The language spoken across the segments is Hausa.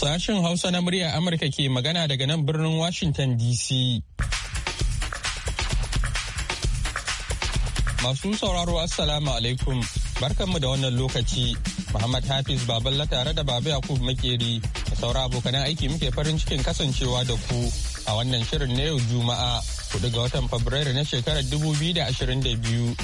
Sashen Hausa na murya Amurka ke magana daga nan birnin Washington DC. Masu sauraro Assalamu alaikum barkanmu da wannan lokaci. Muhammad Hafiz Baballa tare da Baba Yakub Makeri da saura abokanan aiki muke farin cikin kasancewa da ku a wannan shirin na yau Juma'a kudu ga watan Fabrairu na shekarar 2022.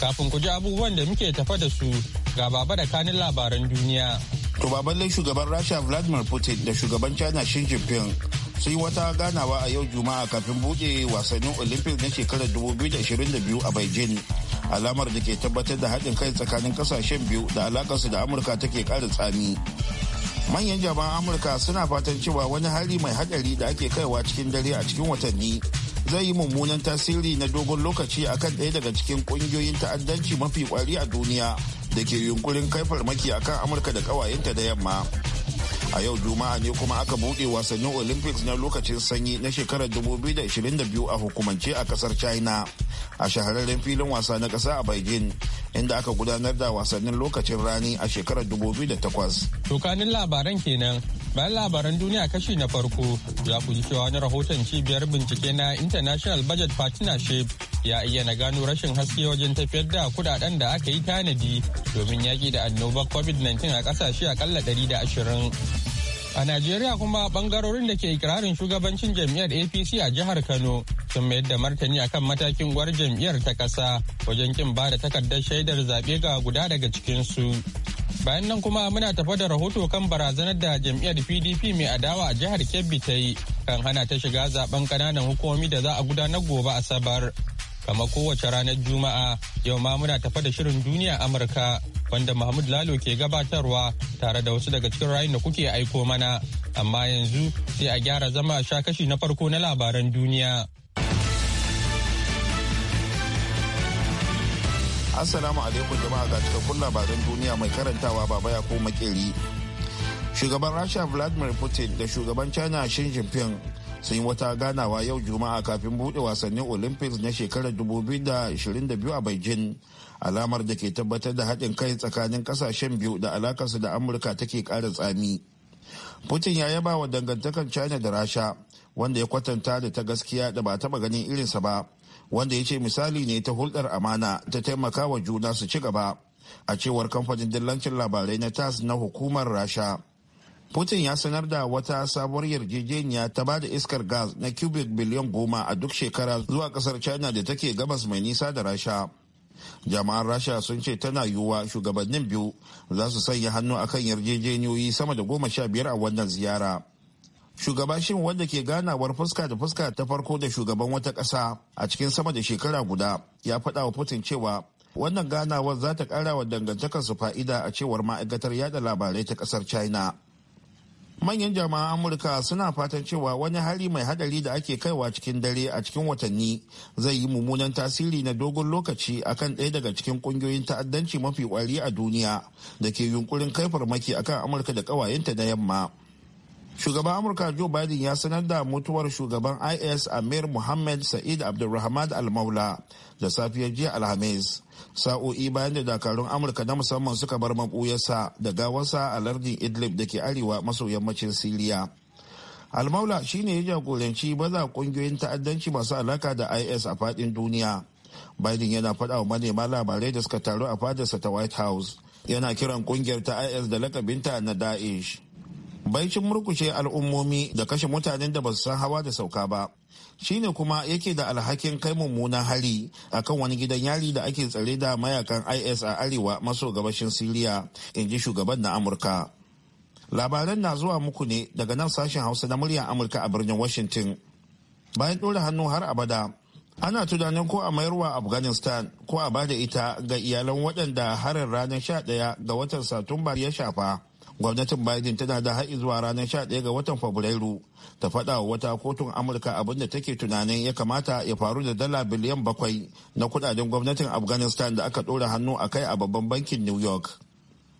Kafin ku ji abubuwan da muke tafa da su ga Baba da kanin labaran duniya. to babalai shugaban rasha vladimir putin da shugaban china xi jinping sun yi wata ganawa a yau juma'a kafin buɗe wasannin olympic na shekarar 2022 a beijing alamar da ke tabbatar da haɗin kai tsakanin kasashen biyu da alakarsu da amurka take ƙara tsami manyan jama'an amurka suna fatan cewa wani hari mai haɗari da ake kaiwa cikin dare a cikin watanni zai yi mummunan tasiri na dogon lokaci akan ɗaya daga cikin ƙungiyoyin ta'addanci mafi kwari a duniya da ke yunkurin kai farmaki a kan amurka da kawayenta da yamma a yau juma'a ne kuma aka buɗe wasannin olympics na lokacin sanyi na shekarar 2022 a hukumance a kasar china a shahararren filin wasa na kasa a beijing inda aka gudanar da wasannin lokacin rani a shekarar 2008 tokanin labaran kenan Bayan labaran duniya kashi na farko ya kuji kewa cewa wani rahoton cibiyar bincike na International Budget Partnership ya iya na gano rashin haske wajen tafiyar da kudaden da aka yi tanadi domin yaƙi da annobar COVID-19 a ƙasashe akalla 120. A Najeriya kuma bangarorin da ke ikirarin shugabancin jam'iyyar APC a jihar Kano sun mayar da martani akan matakin gwar jam'iyyar ta ƙasa wajen kin ba da takardar shaidar zaɓe ga guda daga cikinsu. Bayan nan kuma muna tafa da rahoto kan barazanar da jam'iyyar PDP mai adawa a jihar Kebbi ta yi kan hana ta shiga zaben kananan hukumomi da za a gudanar gobe Asabar. Kama kowace ranar Juma'a yau ma muna tafa da shirin duniya Amurka wanda Mahmud Lalo ke gabatarwa tare da wasu daga cikin rayun da kuke aiko mana. Amma yanzu sai a gyara zama sha kashi na farko na labaran duniya. Assalamu alaikum jama'a ga cikakkun labaran duniya mai karantawa baba ya ko makeri. Shugaban Rasha Vladimir Putin da shugaban China Xi Jinping sun yi wata ganawa yau Juma'a kafin buɗe wasannin Olympics na shekarar 2022 a Beijing. Alamar da ke tabbatar da haɗin kai tsakanin ƙasashen biyu da alakarsu da Amurka take ƙara tsami. Putin ya yaba wa dangantakar China da Rasha wanda ya kwatanta da ta gaskiya da ba taɓa ganin irinsa ba. wanda ya ce misali ne ta hulɗar amana ta taimaka wa juna su ci gaba a cewar kamfanin dillancin labarai na tas na hukumar rasha putin ya sanar da wata sabuwar yarjejeniya ta ba da iskar gas na cubic biliyan goma a duk shekara zuwa kasar china da take gabas mai nisa da rasha jama'an rasha sun ce tana yiwuwa shugabannin biyu za su sanya hannu akan yarjejeniyoyi sama da goma sha biyar a wannan ziyara shugaba shin wanda ke ganawar fuska da fuska ta farko da shugaban wata ƙasa a cikin sama da shekara guda ya faɗa wa putin cewa wannan ganawar za ta ƙara wa dangantakarsu fa'ida a cewar ma'aikatar yada labarai ta ƙasar china manyan jami'an amurka suna fatan cewa wani hari mai hadari da ake kaiwa cikin dare a cikin watanni zai yi mummunan tasiri na dogon lokaci akan ɗaya daga cikin ƙungiyoyin ta'addanci mafi ƙwari a duniya da ke yunkurin kai farmaki akan amurka da ƙawayenta na yamma shugaban amurka joe biden ya sanar da mutuwar shugaban is amir muhammad sa'id abdulrahman almaula da safiyar jiya alhamis sa'o'i bayan da dakarun amurka na musamman suka bar mabuyarsa da gawarsa a lardin idlib da ke arewa maso yammacin siriya almaula shine ya jagoranci baza kungiyoyin ta'addanci masu alaka da is a fadin duniya biden yana faɗa wa manema labarai da suka taru a fadarsa ta white house yana kiran kungiyar ta is da lakabinta na daesh baicin murkushe al'ummomi da kashe mutanen da ba su san hawa da sauka ba shine kuma yake da alhakin kai mummunan hari akan wani gidan yari da ake tsare da mayakan is a arewa maso gabashin siriya in ji shugaban na amurka labaran na zuwa muku ne daga nan sashen hausa na muryar amurka a birnin washington bayan ɗora hannu har abada ana tunanin ko a mayarwa afghanistan ko a bada ita ga iyalan waɗanda harin ranar 11 ga watan satumba ya shafa gwamnatin biden tana da haƙi zuwa ranar 11 ga watan fabrairu ta faɗa wa wata kotun amurka abin da take tunanin ya kamata ya faru da dala biliyan bakwai na kudaden gwamnatin afghanistan da aka ɗora hannu a kai a babban bankin new york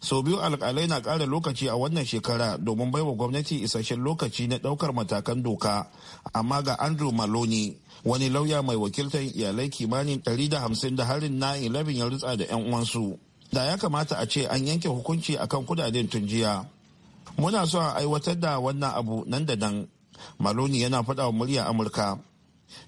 sau biyu alkalai na ƙara lokaci a wannan shekara domin baiwa gwamnati isasshen lokaci na ɗaukar matakan doka amma ga andrew maloney wani lauya mai wakiltar iyalai kimanin 150 da harin na 11 ya rutsa da 'yan uwansu. da ya kamata a ce an yanke hukunci akan kudaden tun jiya muna so a aiwatar da wannan abu nan da nan maloni yana faɗa wa murya amurka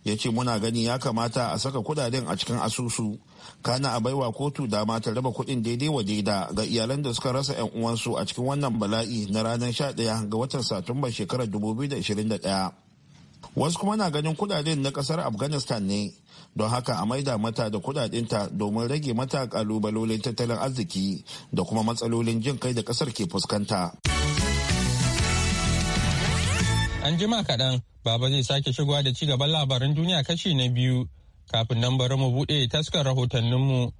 ya ce muna gani ya kamata a saka kudaden a cikin asusu kana a baiwa kotu dama ta raba kuɗin daidai wa daida ga iyalan da suka rasa 'yan uwansu a cikin wannan bala'i na ranar 11 ga watan satumba shekarar 2021 wasu kuma na ganin kudaden na kasar afghanistan ne don haka a maida mata da kudadinta domin rage mata kalubalolin tattalin arziki da kuma matsalolin jin kai da kasar ke fuskanta. An jima kaɗan, Baba zai sake shigowa da ci gaban labaran duniya kashi na biyu kafin nan bari mu buɗe taskar rahotanninmu.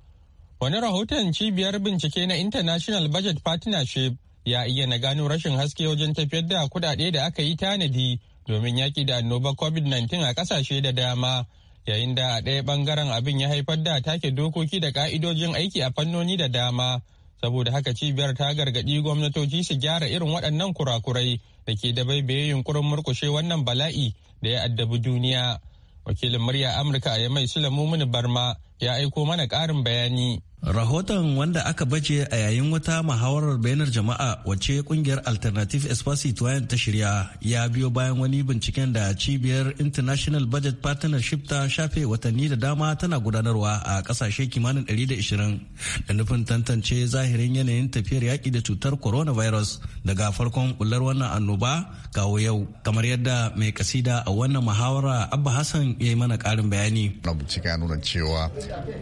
Wani rahoton cibiyar bincike na International Budget Partnership ya iya na gano rashin haske wajen tafiyar da kudade da aka yi tanadi domin yaƙi da annobar COVID-19 a ƙasashe da dama. yayin da a ɗaya ɓangaren abin ya haifar da take dokoki da ƙa'idojin aiki a fannoni da dama saboda haka cibiyar ta gargaɗi gwamnatoci su gyara irin waɗannan kurakurai da ke da baibaye yunkurin murkushe wannan bala'i da ya addabi duniya wakilin murya amurka a yamai sulamu mini barma ya aiko mana ƙarin bayani Rahoton wanda aka bace a yayin wata muhawarar bayanar jama'a wacce kungiyar Alternative Twain ta shirya ya biyo bayan wani binciken da cibiyar International Budget Partnership ta shafe watanni da dama tana gudanarwa a kasashe kimanin 120 da nufin tantance zahirin yanayin tafiyar yaƙi da cutar coronavirus daga farkon bular wannan annoba kawo yau kamar yadda mai kasida a wannan muhawara Abba Hassan ya yi mana ƙarin bayani. Na bincike ya nuna cewa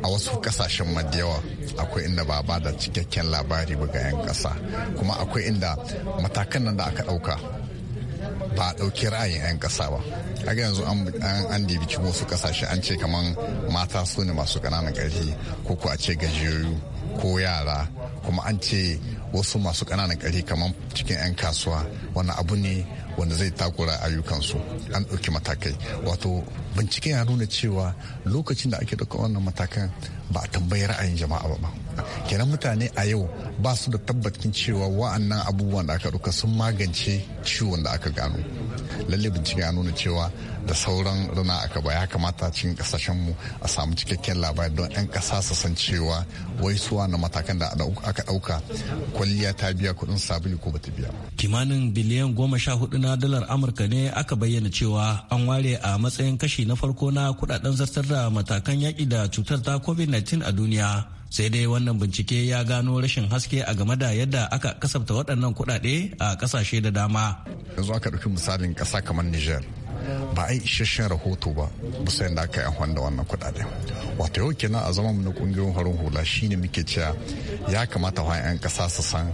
a wasu kasashen madiyawa akwai inda ba ba da cikakken labari ba ga 'yan ƙasa kuma akwai inda matakan nan da aka ɗauka ba a ɗauki ra'ayin 'yan ƙasa ba a yanzu an dibi cikin wasu kasashe an ce kamar mata su ne masu ƙananan karfi ko ku a ce gajiyoyi ko yara kuma an ce wasu masu ƙananan karfi kamar cikin 'yan kasuwa wani abu ne wanda zai takura ayyukansu an ɗauki matakai wato bincike ya nuna cewa lokacin da ake ɗauka wannan matakan ba a tambayi ra'ayin jama'a ba kenan mutane a yau ba su da tabbacin cewa wa'annan abubuwan da aka ɗauka sun magance ciwon da aka gano lalle bincike ya nuna cewa da sauran rana aka ba ya kamata cikin kasashen mu a samu cikakken labari don 'yan kasa su san cewa wai suwa na matakan da aka ɗauka kwalliya ta biya kuɗin sabulu ko bata biya kimanin biliyan goma sha hudu na dalar amurka ne aka bayyana cewa an ware a matsayin kashi na farko na kuɗaɗen zartar da matakan yaƙi da cutar ta covid a duniya sai dai wannan bincike ya gano rashin haske a game da yadda aka kasafta waɗannan kuɗaɗe a ƙasashe da dama yanzu aka ɗauki misalin ƙasa kamar niger ba a yi isasshen rahoto ba bisa yadda aka yi amfani da wannan kuɗaɗe wato yau kenan a zaman na ƙungiyoyin horon hula shine muke cewa ya kamata wa 'yan ƙasa su san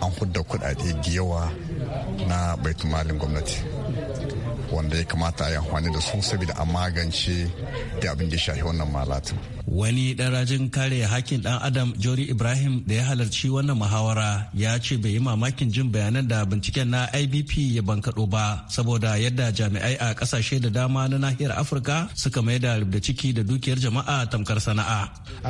an hudda kuɗaɗe da yawa na baitumalin gwamnati wanda ya kamata a yi amfani da su saboda a magance da abin da shafi wannan malatin. Wani ɗarajin kare hakkin ɗan Adam Jori Ibrahim da ya halarci wannan muhawara ya ce bai yi mamakin jin bayanan da binciken na IBP ya bankaɗo ba saboda yadda jami'ai a ƙasashe da dama na nahiyar Afirka suka mai da ciki da dukiyar jama'a tamkar sana'a.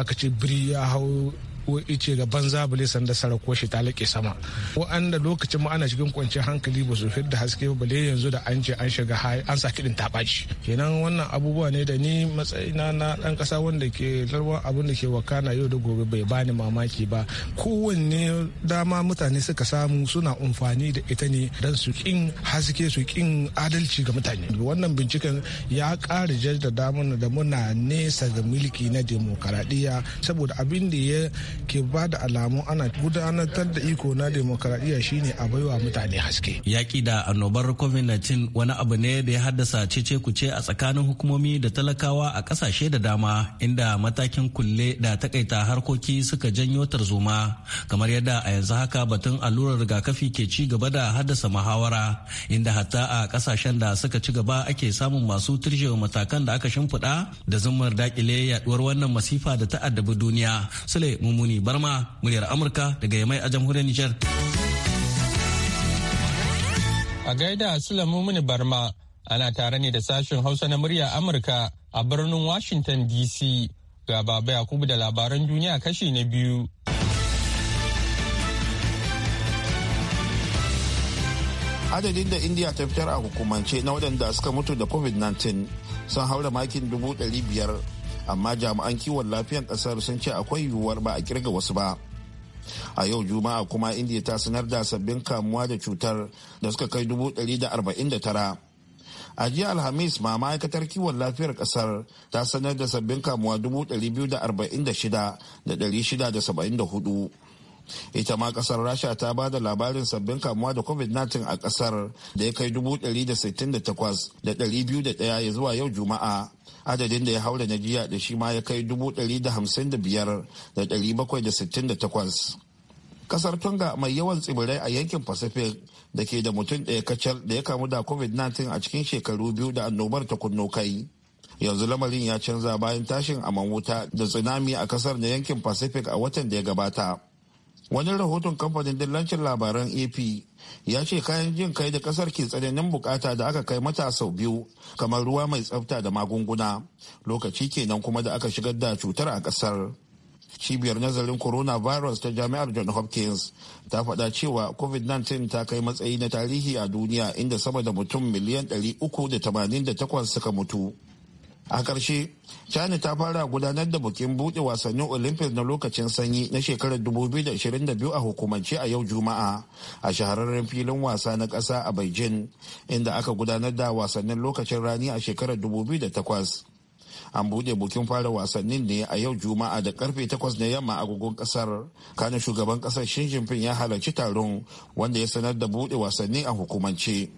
Aka ce biri ya hau ko ice ga banza bale sanda sarako shi ta lake sama wa'anda lokacin mu ana cikin kwanciyar hankali ba su da haske ba bale yanzu da an ce an shiga an sa kiɗin taɓaci kenan wannan abubuwa ne da ni matsayina na ɗan ƙasa wanda ke larwa abin da ke wakana yau da gobe bai bani mamaki ba kowanne dama mutane suka samu suna amfani da ita ne don su kin haske su kin adalci ga mutane wannan binciken ya ƙara jaddada mana da muna nesa ga mulki na demokaradiyya saboda abin da ya ke ba da alamu ana gudanar da iko na demokradiyya shine a baiwa mutane haske. Yaƙi da annobar COVID-19 wani abu ne da ya haddasa cece kuce a tsakanin hukumomi da talakawa a ƙasashe da dama inda matakin kulle da takaita harkoki suka janyo tarzoma kamar yadda a yanzu haka batun allurar rigakafi ke ci gaba da haddasa muhawara inda hatta a ƙasashen da suka ci gaba ake samun masu turjewa matakan da aka shimfiɗa da zumar dakile yaduwar wannan masifa da ta'addabi duniya. Sule Mumu Muni Barma muryar Amurka daga Yamai a jamhuriyar Nijar. A gaida Sulamu Muni Barma ana tare ne da sashen Hausa na muryar Amurka a birnin Washington DC. Ga Baba Yakubu da labaran duniya kashi na biyu. adadin da india ta fitar a hukumance na waɗanda suka mutu da covid-19 sun haura makin dubu ɗari biyar amma jami'an kiwon lafiyan kasar sun ce akwai yiwuwar ba a kirga wasu ba a yau juma'a kuma indiya ta sanar da sabbin kamuwa da cutar da suka kai 149 a jiya alhamis ma ma'aikatar kiwon lafiyar kasar ta sanar da sabbin kamuwa da hudu. ita ma kasar rasha ta ba da labarin sabbin kamuwa da covid-19 a kasar da ya kai da 168,201 ya zuwa yau juma'a adadin da ya haura na jiya da shi ma ya kai da takwas. kasar tonga mai yawan tsibirai a yankin pacific da ke da mutum ɗaya kacal da ya kamu da covid-19 a cikin shekaru biyu da annobar ta kunno kai yanzu lamarin ya canza bayan tashin aman wuta da tsunami a kasar na yankin pacific a watan da ya gabata wani rahoton kamfanin dillancin labaran ap ya ce kayan jin kai da kasar ke tsananin bukata da aka kai mata sau biyu kamar ruwa mai tsafta da magunguna lokaci kenan kuma da aka shigar da cutar a kasar cibiyar nazarin coronavirus ta jami'ar john hopkins ta faɗa cewa covid-19 ta kai matsayi na tarihi a duniya inda sama da mutum miliyan 388 suka mutu a ƙarshe china ta fara gudanar da bukin buɗe wasannin olympics na lokacin sanyi na shekarar 2022 a hukumance a yau juma'a a shahararren filin wasa na ƙasa a beijing inda aka gudanar da wasannin lokacin rani a shekarar 2008 an buɗe bukin fara wasannin ne a yau juma'a da karfe 8 na yamma agogon kasar kana shugaban kasar shin jinping ya halarci taron wanda ya sanar da buɗe wasanni a hukumance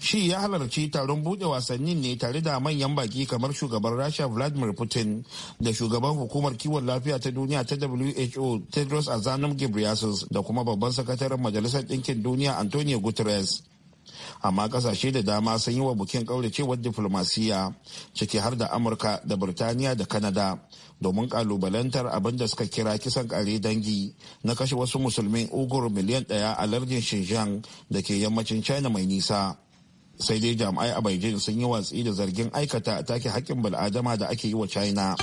shi ya halarci taron bude wasannin ne tare da manyan baki kamar shugaban rasha vladimir putin da shugaban hukumar kiwon lafiya ta duniya ta who tedros adhanom ghebreyesus da kuma babban sakataren majalisar ɗinkin duniya antonio guterres amma kasashe da dama sun yi wa bukin kauracewar diflomasiya ciki har da amurka da birtaniya da kanada domin kalubalantar abin da suka kira kisan kare dangi na kashe wasu musulmin ugur miliyan daya a lardin xinjiang da ke yammacin china mai nisa sai dai jami'ai a beijing sun yi watsi da zargin aikata a take haƙƙin bal'adama da ake yi wa china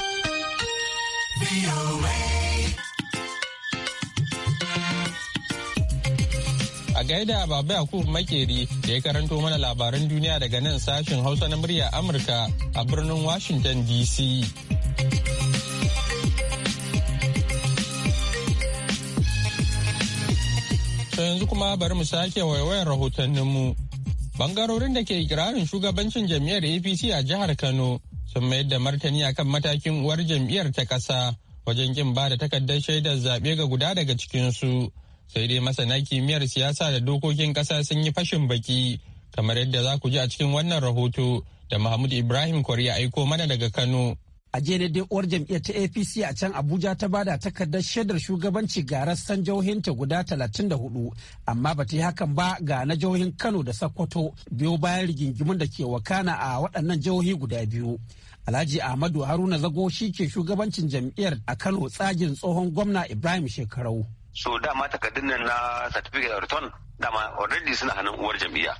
a gaida baba yakub makeri da ya karanto mana labaran duniya daga nan sashen hausa na murya amurka a birnin washington dc yanzu kuma bari mu sake waiwayar rahotanninmu Bangarorin da ke ikirarin shugabancin jam'iyyar APC a jihar Kano sun mayar da martani akan matakin uwar jam'iyyar ta ƙasa wajen kin ba da takardar shaidar zaɓe ga guda daga cikinsu. Sai dai masana kimiyyar siyasa da dokokin ƙasa sun yi fashin baki kamar yadda za ku ji a cikin wannan rahoto da Mahmud Ibrahim Kwari ya aiko mana daga Kano. a jiya uwar jam'iyyar ta apc a can abuja ta bada takardar shaidar shugabanci ga rassan jihohinta guda 34 amma ba ta yi hakan ba ga na jihohin kano da sokoto biyo bayan rigingimun da ke wakana a waɗannan jihohi guda biyu alhaji ahmadu haruna zago shi ke shugabancin jam'iyyar a kano tsagin tsohon gwamna ibrahim shekarau so dama takardun nan na certificate of return dama already suna hannun uwar jam'iyya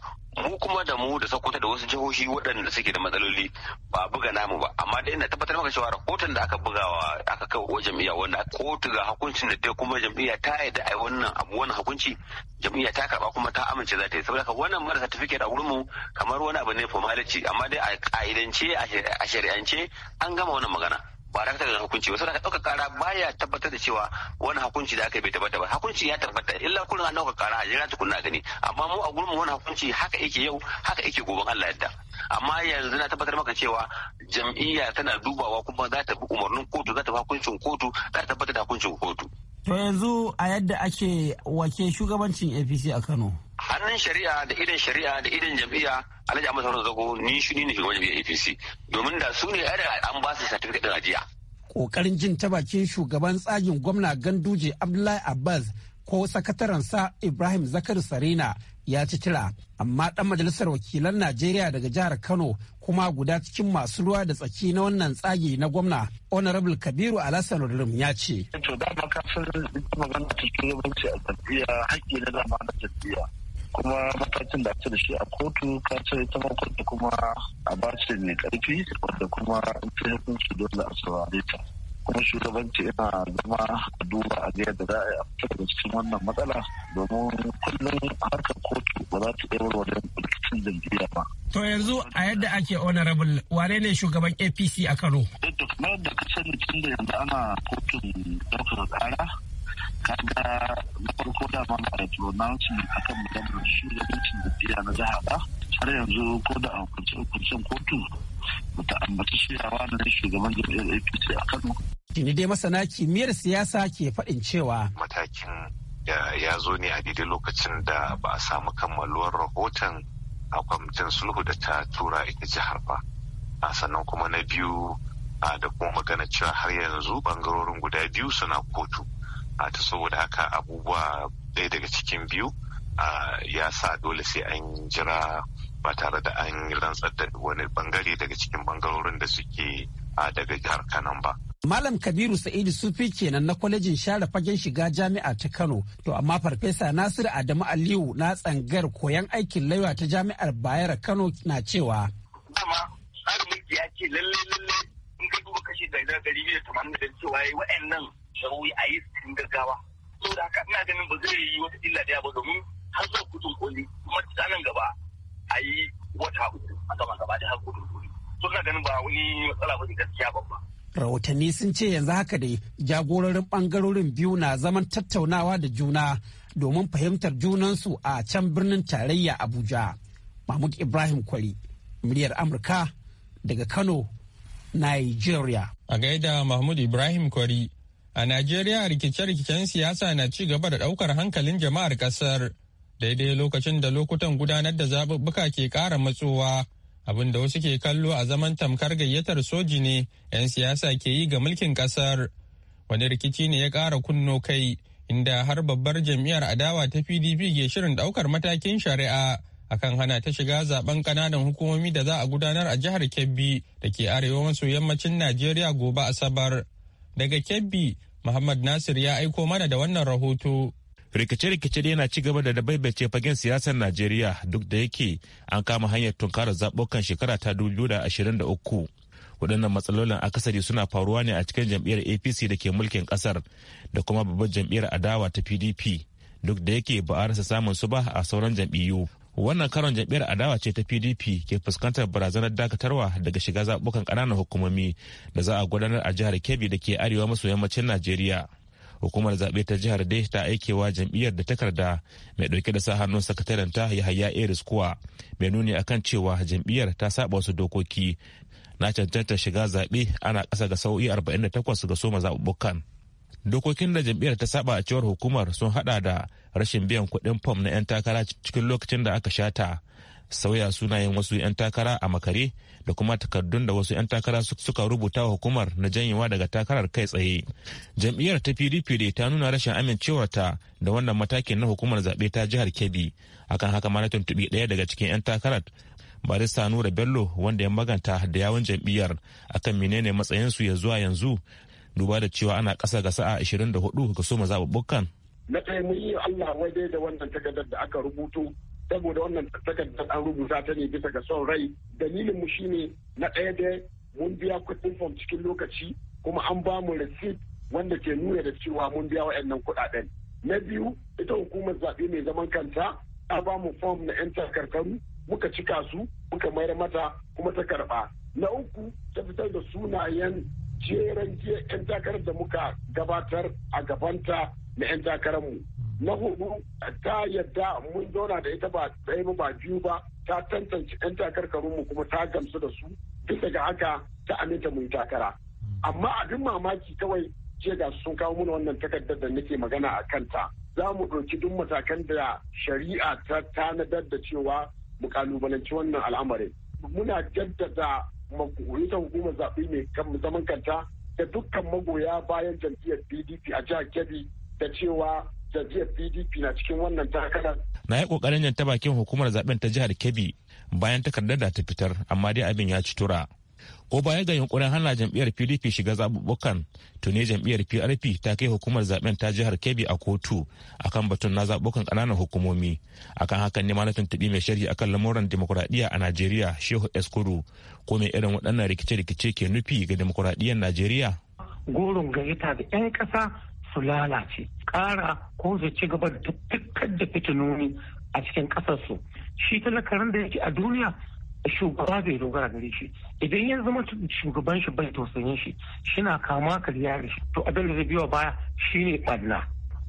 mu kuma da mu da sokoto da wasu jihohi waɗanda suke da matsaloli ba buga namu ba amma da ina tabbatar maka cewa rahoton da aka bugawa aka kai wa jam'iyya wanda kotu ga hukuncin da ta kuma jam'iyya ta yadda ai wannan abu wannan hukunci jam'iyya ta karba kuma ta amince za ta yi saboda wannan mara certificate a wurin mu kamar wani abu ne formality amma dai a ka'idance a shari'ance an gama wannan magana ba dakatar da hukunci ba saboda ɗaukar kara baya tabbatar da cewa wani hukunci da aka bai tabbata ba hukunci ya tabbata illa kullum an ɗaukar kara a jira tukunna gani amma mu a gurin wani hukunci haka yake yau haka yake gobe Allah yadda amma yanzu na tabbatar maka cewa jam'iyya tana dubawa kuma za ta bi umarnin kotu za ta bi hukuncin kotu za ta tabbatar da hukuncin kotu. To yanzu a yadda ake wake shugabancin APC a Kano. hannun shari'a da idan shari'a da idan jam'iyya alhaji amma sauran zago ni shi ne shugaban jam'iyyar apc domin da su ne an ba su satifiket da ajiya kokarin jin ta bakin shugaban tsagin gwamna ganduje abdullahi abbas ko sakatarensa ibrahim zakar sarina ya ci tira amma dan majalisar wakilan najeriya daga jihar kano kuma guda cikin masu ruwa da tsaki na wannan tsagi na gwamna honorable kabiru alasan rurum ya ce to da maka sun magana cikin yawanci a jam'iyya haƙƙi na zama na jam'iyya kuma matakin da ake da shi a kotu ka ce ita ma kotu kuma a bace mai karfi wanda kuma in ta hukunci dole a saurare ta kuma shugabanci yana zama a duba a yadda za a yi a daga cikin wannan matsala domin kullum harkar kotu ba za ta iya warware rikicin jam'iyya ba. To yanzu a yadda ake honorable wane ne shugaban APC a Kano? Duk eh, kamar da ka sani tun da yanzu ana kotun ɗaukar kara kaga na farko da ma ba da a akan maganar shugabancin da biya na jiha ba har yanzu ko da a hukuncen kotu bata ambaci shirawa na shugaban jam'iyyar apc a kano shine dai masana kimiyyar siyasa ke faɗin cewa matakin ya zo ne a daidai lokacin da ba a samu kammaluwar rahoton a kwamitin sulhu da ta tura ita jihar ba a sannan kuma na biyu da kuma magana cewa har yanzu bangarorin guda biyu suna kotu a ta saboda haka abubuwa ɗaya daga cikin biyu ya sa dole sai an jira ba tare da an rantsar da wani bangare daga cikin bangarorin da suke daga jihar kanan ba. Malam Kabiru Sa'idu Sufi kenan na kwalejin share fagen shiga jami'a ta Kano. To amma Farfesa Nasiru Adamu Aliyu na tsangar koyon aikin laiwa ta jami'ar Bayero Kano na cewa. Dama har ya ce lalle lalle in ka duba kashi da gari biyu da tamanin da cewa tsaro a yi cikin gaggawa da haka ina ganin ba zai yi wata illa da ba domin har zuwa kudin koli kuma nan gaba a yi wata uku a gaban gaba da har kudin koli to ina ganin ba wani matsala ba gaskiya babba rahotanni sun ce yanzu haka dai jagororin bangarorin biyu na zaman tattaunawa da juna domin fahimtar junansu a can birnin tarayya abuja mahmud ibrahim kwari muryar amurka daga kano nigeria a gaida mahmud ibrahim kwari A Najeriya rikice-rikicen siyasa na ci gaba da ɗaukar hankalin jama'ar ƙasar daidai lokacin da lokutan gudanar da zaɓuɓɓuka ke ƙara matsowa abin da wasu ke kallo a zaman tamkar gayyatar soji ne 'yan siyasa ke yi ga mulkin ƙasar. Wani rikici ne ya ƙara kunno kai inda har babbar jam'iyyar adawa ta PDP ke shirin ɗaukar matakin shari'a akan hana ta shiga zaben ƙananan hukumomi da za a gudanar a jihar Kebbi da ke arewa maso yammacin Najeriya gobe Asabar. Daga Kebbi, Muhammad Nasir ya aiko mana da wannan rahoto. rikice-rikice da yana ci gaba da dabaibace fagen siyasar najeriya duk da yake an kama hanyar tunkarar zaɓukan shekara ta uku. waɗannan matsalolin akasari suna faruwa ne a cikin jam'iyyar apc da ke mulkin ƙasar da kuma babbar jam'iyyar adawa ta pdp duk da yake ba a rasa samun su ba a sauran jam'iyyu wannan karon jam'iyyar adawa ce ta pdp ke fuskantar barazanar dakatarwa daga shiga zaɓukan kananan hukumomi da za a gudanar a jihar kebbi da ke arewa maso yammacin najeriya hukumar zaɓe ta jihar dai ta aikewa jam'iyyar da takarda mai ɗauke da sa hannun sakatarenta hayya eris kuwa mai nuni kan cewa jam'iyyar ta saba wasu dokoki na cancanta shiga zaɓe ana kasa ga sau'i 48 ga soma zaɓuɓɓukan dokokin da jam'iyyar ta saba a cewar hukumar sun hada da rashin biyan kuɗin fom na 'yan takara cikin lokacin da aka shata sauya sunayen wasu 'yan takara a makare da kuma takardun da wasu 'yan takara suka rubuta wa hukumar na janyewa daga takarar kai tsaye jam'iyyar ta pdp da ta nuna rashin amincewarta da wannan matakin na hukumar zaɓe ta jihar kebbi akan haka ma na tuntuɓi ɗaya daga cikin 'yan takarar barista nura bello wanda ya maganta da yawon jam'iyyar akan menene matsayinsu ya zuwa yanzu duba da cewa ana kasa ga sa'a 24 ga soma zaɓuɓɓukan. Na ɗaya mun yi Allah waje da wannan takardar da aka rubuto saboda wannan takardar an rubuta ta ne bisa ga son rai dalilin mu shine na ɗaya da mun biya kuɗin fom cikin lokaci kuma an ba mu receipt wanda ke nuna da cewa mun biya waɗannan kuɗaɗen. Na biyu ita hukumar zaɓe mai zaman kanta ta ba mu fom na 'yan takarkaru muka cika su muka mayar mata kuma ta karɓa. Na uku ta fitar da sunayen jeran jiya 'yan takarar da muka gabatar a gabanta na 'yan takararmu na hudu ta yadda mun zauna da ita ba ɗaya ba ba biyu ba ta tantance 'yan takarkarunmu kuma ta gamsu da su duk daga haka ta aminta mu yi takara amma abin mamaki kawai jiya ga sun kawo mana wannan takardar da nake magana a kanta za mu ɗauki duk matakan da shari'a ta tanadar da cewa mu kalubalanci wannan al'amarin muna jaddada ita hukumar zaɓe mai kan zaman kanta da dukkan magoya bayan jam'iyyar pdp a jihar kebbi da cewa jam'iyyar pdp na cikin wannan takarar na yi kokarin yanta bakin hukumar zaɓen ta jihar kebbi bayan takardar da ta fitar amma dai abin ya ci tura ko baya ga yunkurin hana jam'iyyar pdp shiga zaɓuɓɓukan tuni jam'iyyar prp ta kai hukumar zaben ta jihar kebbi a kotu akan batun na zaɓuɓɓukan ƙananan hukumomi akan hakan ne ma na tuntuɓi mai sharhi akan lamuran demokuraɗiyya a najeriya shehu eskuru ko mai irin waɗannan rikice-rikice ke nufi ga demokuraɗiyyar najeriya goron gayyata da 'yan ƙasa su lalace ƙara ko su ci gaba da dukkan da fitinoni a cikin ƙasarsu shi talakarin da yake a duniya shugaba bai dogara gare shi idan ya zama shugaban shi bai tausayi shi shina kama kariya da shi to abin da zai biyo baya shine ɓanna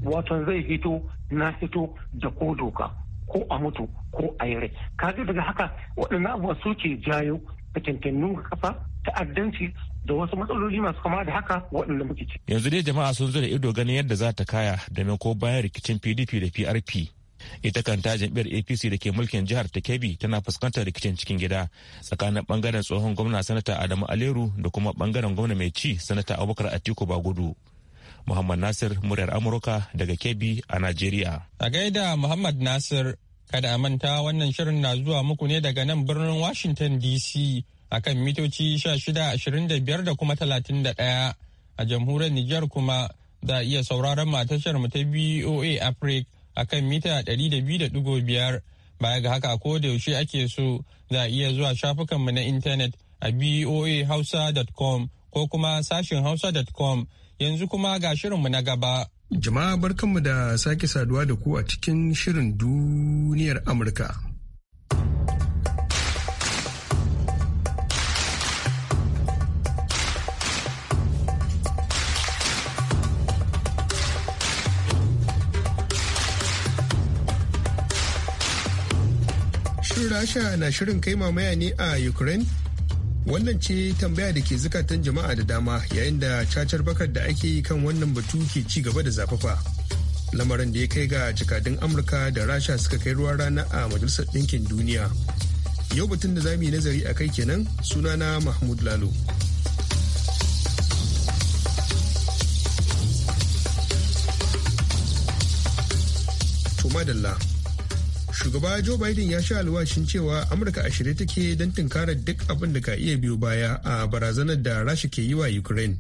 wato zai fito na fito da ko doka ko a mutu ko a yi rai kaga daga haka waɗannan abubuwa suke jayo da ga kafa ta'addanci da wasu matsaloli masu kama da haka waɗanda muke ci. Yanzu dai jama'a sun zo da ido ganin yadda za ta kaya da ko bayan rikicin PDP da PRP ita kanta jam'iyyar apc da ke mulkin jihar ta kebbi tana fuskantar rikicin cikin gida tsakanin bangaren tsohon gwamna sanata adamu aleru da kuma bangaren gwamna mai ci sanata abubakar atiku bagudu muhammad nasir muryar amurka daga kebbi a nigeria. a gaida muhammad nasir kada a manta wannan shirin na zuwa muku ne daga nan birnin washington dc akan mitoci 1625 da kuma talatin da 31 a jamhuriyar niger kuma za a iya sauraron matashar mu ta voa africa a kan mita 200.5 baya ga haka ko da yaushe ake so za a iya zuwa shafukanmu na intanet a boahausa.com ko kuma sashin hausa.com yanzu kuma ga shirinmu na gaba. Jama'a barkanmu da sake saduwa da ku a cikin shirin duniyar Amurka. rasha na shirin kai mamaya ne a ukraine wannan ce tambaya da ke zukatan jama'a da dama yayin da cacar bakar da ake yi kan wannan batu ke ci gaba da zafafa lamarin da ya kai ga jakadun amurka da rasha suka kai ruwan rana a majalisar ɗinkin duniya yau batun da zamu yi nazari a kai kenan sunana mahmud lalo madalla shugaba joe biden ya sha alwashin cewa amurka a shirye take don tunkarar duk abin da ka iya biyo baya a barazanar da rasha ke yi wa ukraine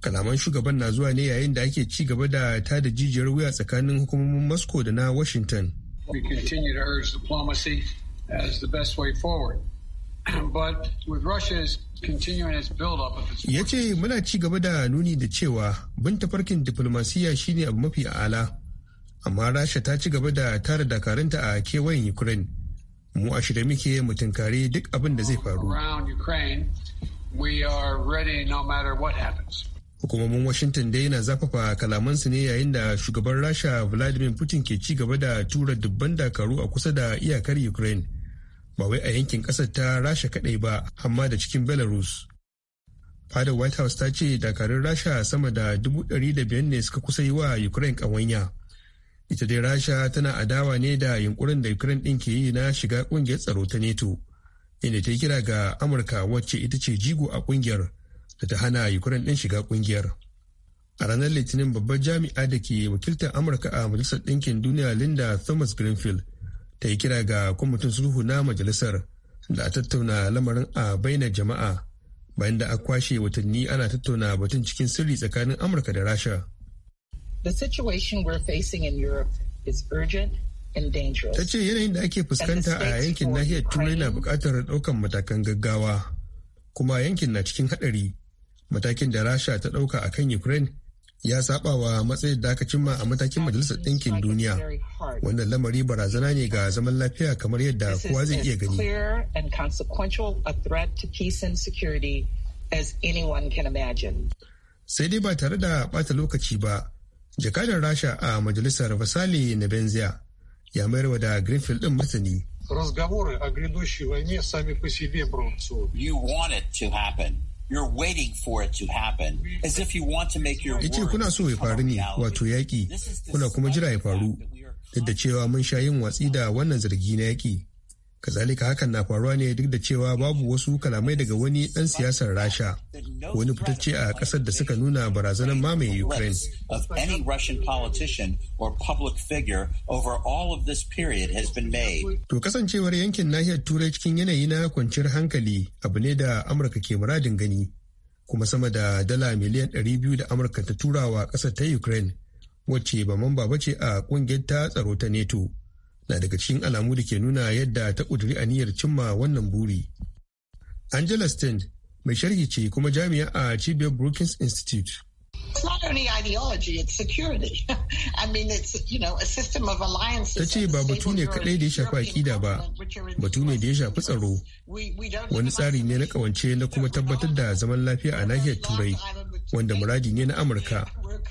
kalaman shugaban na zuwa ne yayin da ake ci gaba da tada jijiyar wuya tsakanin hukumomin moscow da na washington ya ce muna ci gaba da nuni da cewa bin tafarkin diplomasiya shine abu mafi a'ala amma rasha ta ci gaba da tara dakarunta a kewayen ukraine mu a shirya muke mu kare duk abin da zai faru hukumomin washington dai yana zafafa kalamansu ne yayin da shugaban rasha vladimir putin ke ci gaba da tura dubban dakaru a kusa da iyakar ukraine ba wai a yankin ƙasar ta rasha kadai ba amma da cikin belarus fadar white house ta ce dakarun rasha sama da 500 ne suka kusa yi wa ukraine ƙawanya ita dai rasha tana adawa ne da yunkurin da ukraine ɗin ke yi na shiga kungiyar tsaro ta neto inda ta yi kira ga amurka wacce ita ce jigo a ƙungiyar da ta hana ukraine ɗin shiga kungiyar a ranar litinin babbar jami'a da ke wakiltar amurka a majalisar ɗinkin duniya linda thomas greenfield ta yi kira ga kwamitin sulhu na majalisar da a tattauna lamarin a bainar jama'a bayan da a kwashe watanni ana tattauna batun cikin sirri tsakanin amurka da rasha The situation we're facing in Europe is urgent Ta ce yanayin da ake fuskanta a yankin nahiyar Turai na bukatar ɗaukan matakan gaggawa, kuma yankin na cikin haɗari. Matakin da Rasha ta ɗauka a kan Ukraine ya saba wa matsayin dakacin ma a matakin Majalisar Ɗinkin Duniya. Wannan lamari barazana ne ga zaman lafiya kamar yadda kowa zai iya gani. Sai dai ba tare da ɓata lokaci ba, jakadar rasha a majalisar vasali na benzia ya mayar wa da greenfield din masani. разговоры о грядущей войне сами по себе Yace kuna so ya faru ne wato yaƙi, kuna kuma jira ya faru. Duk da cewa mun sha yin watsi da wannan zargi na yaƙi. kazalika hakan na faruwa ne duk da cewa babu wasu kalamai daga wani ɗan siyasar rasha wani fitacce a ƙasar da suka nuna barazanar mamaye ukraine to kasancewar yankin nahiyar turai cikin yanayi na kwanciyar hankali abu ne da amurka ke muradin gani kuma sama da dala miliyan 200 da amurka ta turawa ƙasar ta ukraine wacce ba mamba ce a ƙungiyar ta tsaro ta neto na daga cikin alamu da ke nuna yadda ta ƙudiri aniyar cimma wannan buri. Angela Stend mai sharhi ce kuma jami'a a cibiyar Brookings Institute it's not only ideology, it's security. I mean, it's, you know, a system of alliances. Ta ce ba batu ne kaɗai da ya shafi akida ba, batu ne da ya shafi tsaro. Wani tsari ne na kawance na kuma tabbatar da zaman lafiya a nahiyar Turai, wanda muradi ne na Amurka.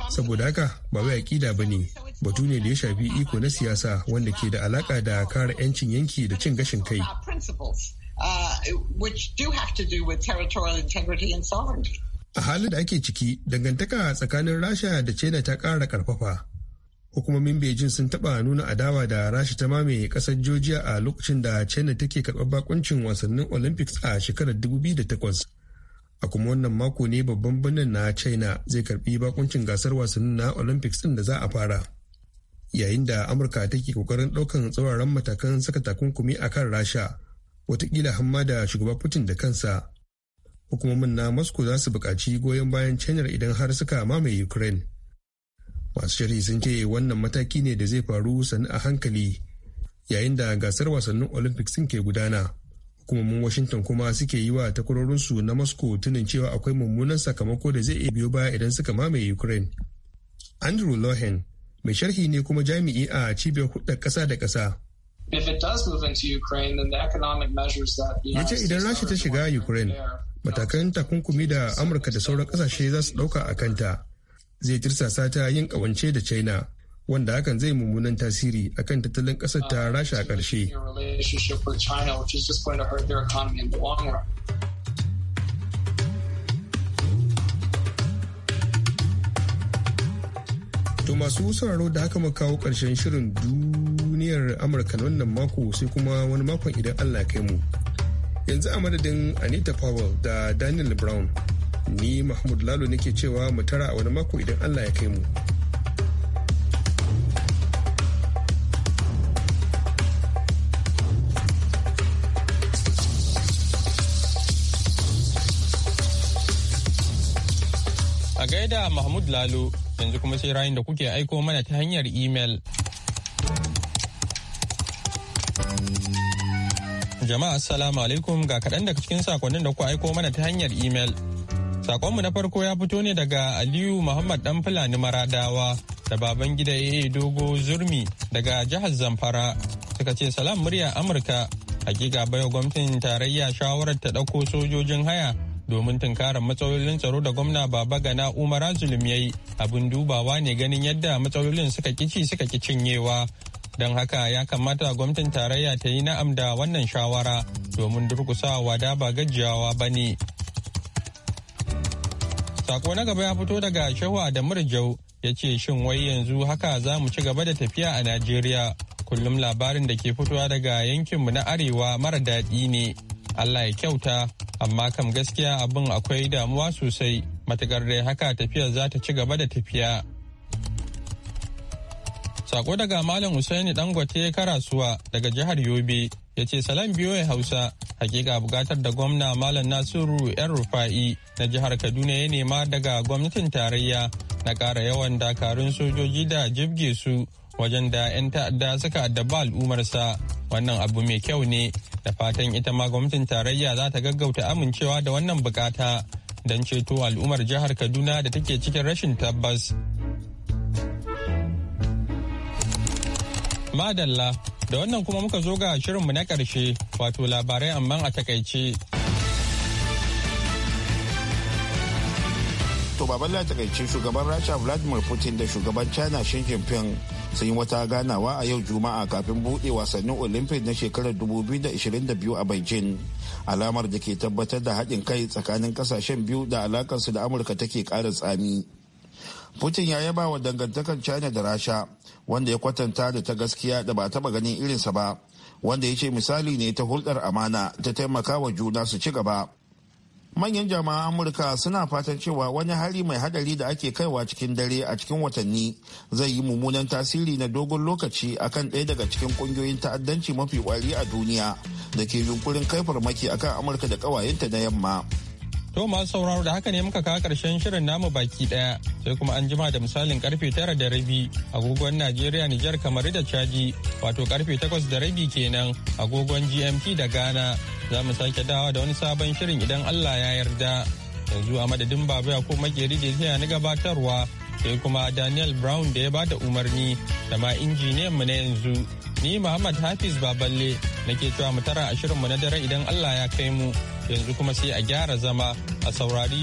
Saboda haka, ba wai akida ba ne, batu ne da ya shafi iko na siyasa wanda ke da alaka da kare 'yancin yanki da cin gashin kai. Uh, which do have to do with territorial integrity and sovereignty. a halin da ake ciki dangantaka tsakanin rasha da china ta ƙara karfafa. hukumomin beijing sun taɓa nuna adawa da rasha ta mamaye ƙasar georgia a lokacin da china take karɓar bakuncin wasannin olympics a shekarar 2008 a kuma wannan mako ne babban birnin na china zai karɓi bakuncin gasar wasannin na olympics ɗin da za a fara yayin da amurka take ƙoƙarin ɗaukan tsauraran matakan saka takunkumi a kan rasha watakila hamma da shugaba putin da kansa hukumomin na moscow za su buƙaci goyon bayan china idan har suka mamaye ukraine masu sharhi sun ce wannan mataki ne da zai faru sani a hankali yayin da gasar wasannin olympics sun ke gudana hukumomin washington kuma suke yi wa takwarorinsu na moscow tunin cewa akwai mummunan sakamako da zai iya biyo baya idan suka mamaye ukraine andrew lohen mai sharhi ne kuma jami'i a cibiyar hudar ƙasa da ƙasa ya ce idan rasha ta shiga ukraine matakan takunkumi da amurka da sauran kasashe za su ɗauka a kanta zai tirsasa ta yin ƙawance da china wanda hakan zai mummunan tasiri akan tattalin ƙasar ta rasha a ƙarshe To masu sauraro da haka muka kawo ƙarshen shirin duniyar Amurka wannan mako sai kuma wani makon idan Allah kai mu. yanzu a madadin anita powell da daniel brown ni mahmud lalo nake cewa mu tara a wani mako idan allah ya kai mu a gaida mahmud lalo yanzu kuma sai rayun da kuke aiko mana ta hanyar imel Jama'a assalamu alaikum ga kaɗan daga cikin sakonnin da ku aiko mana ta hanyar imel. Sakonmu na farko ya fito ne daga Aliyu Muhammad Dan Fulani Maradawa da baban gida ya Dogo Zurmi daga jihar Zamfara suka ce salam murya Amurka hakika baiwa gwamnatin tarayya shawarar ta ɗauko sojojin haya domin tunkarar matsalolin tsaro da gwamna baba gana umar zulum ya yi abin dubawa ne ganin yadda matsalolin suka kici suka ki cinyewa Don haka ya kamata gwamnatin tarayya ta yi na'am da wannan shawara domin durkusawa da ba gajiyawa ba ne. Sako na gaba ya fito daga shawa da Murjau ya ce shin wai yanzu haka za mu ci gaba da tafiya a Najeriya kullum labarin da ke fitowa daga yankinmu na arewa mara daɗi ne. Allah ya kyauta amma kam gaskiya abin akwai damuwa sosai matukar dai haka tafiyar za ta ci gaba da tafiya. Sako daga Malam Usaini Dangote Karasuwa daga jihar Yobe ya ce salam biyoyi Hausa hakika bukatar da gwamna Malam Nasiru yan Rufa'i na jihar Kaduna ya nema daga gwamnatin tarayya na ƙara yawan dakarun sojoji da jibge su wajen da 'yan ta'adda suka addaba al'umarsa wannan abu mai kyau ne da fatan ita ma gwamnatin tarayya za ta gaggauta amincewa da wannan bukata don ceto al'ummar jihar Kaduna da take cikin rashin tabbas. Madalla, da wannan kuma muka zo ga shirinmu na ƙarshe wato labarai amma a takaice. To baballa takaice shugaban Rasha Vladimir Putin da shugaban China Xi Jinping sun yi wata ganawa a yau Juma'a kafin buɗe wasannin Olympic na shekarar 2022 a Beijing. Alamar da ke tabbatar da haɗin kai tsakanin ƙasashen biyu da alakarsu da Amurka take ƙara tsami. putin ya yaba wa dangantakar china da rasha wanda ya kwatanta da ta gaskiya da ba taba ganin irinsa ba wanda ya ce misali ne ta hulɗar amana ta taimaka wa juna su ci gaba manyan jama'an amurka suna fatan cewa wani hari mai hadari da ake kaiwa cikin dare a cikin watanni zai yi mummunan tasiri na dogon lokaci akan ɗaya daga cikin ƙungiyoyin ta'addanci mafi kwari a duniya da ke yunkurin kai farmaki akan amurka da ƙawayenta na yamma To masu sauraro da haka ne muka kawo karshen shirin namu baki daya sai kuma an jima da misalin karfe tara da rabi agogon Najeriya Nijar kamar da caji wato karfe takwas da rabi kenan agogon GMT da Ghana za mu sake dawa da wani sabon shirin idan Allah ya yarda yanzu a madadin babu ya ko makeri da na gabatarwa sai kuma Daniel Brown da ya ba da umarni da ma injiniyan mu na yanzu. Ni Muhammad Hafiz Baballe nake cewa mu tara ashirin mu na dare idan Allah ya kai mu yanzu kuma sai a gyara zama a saurari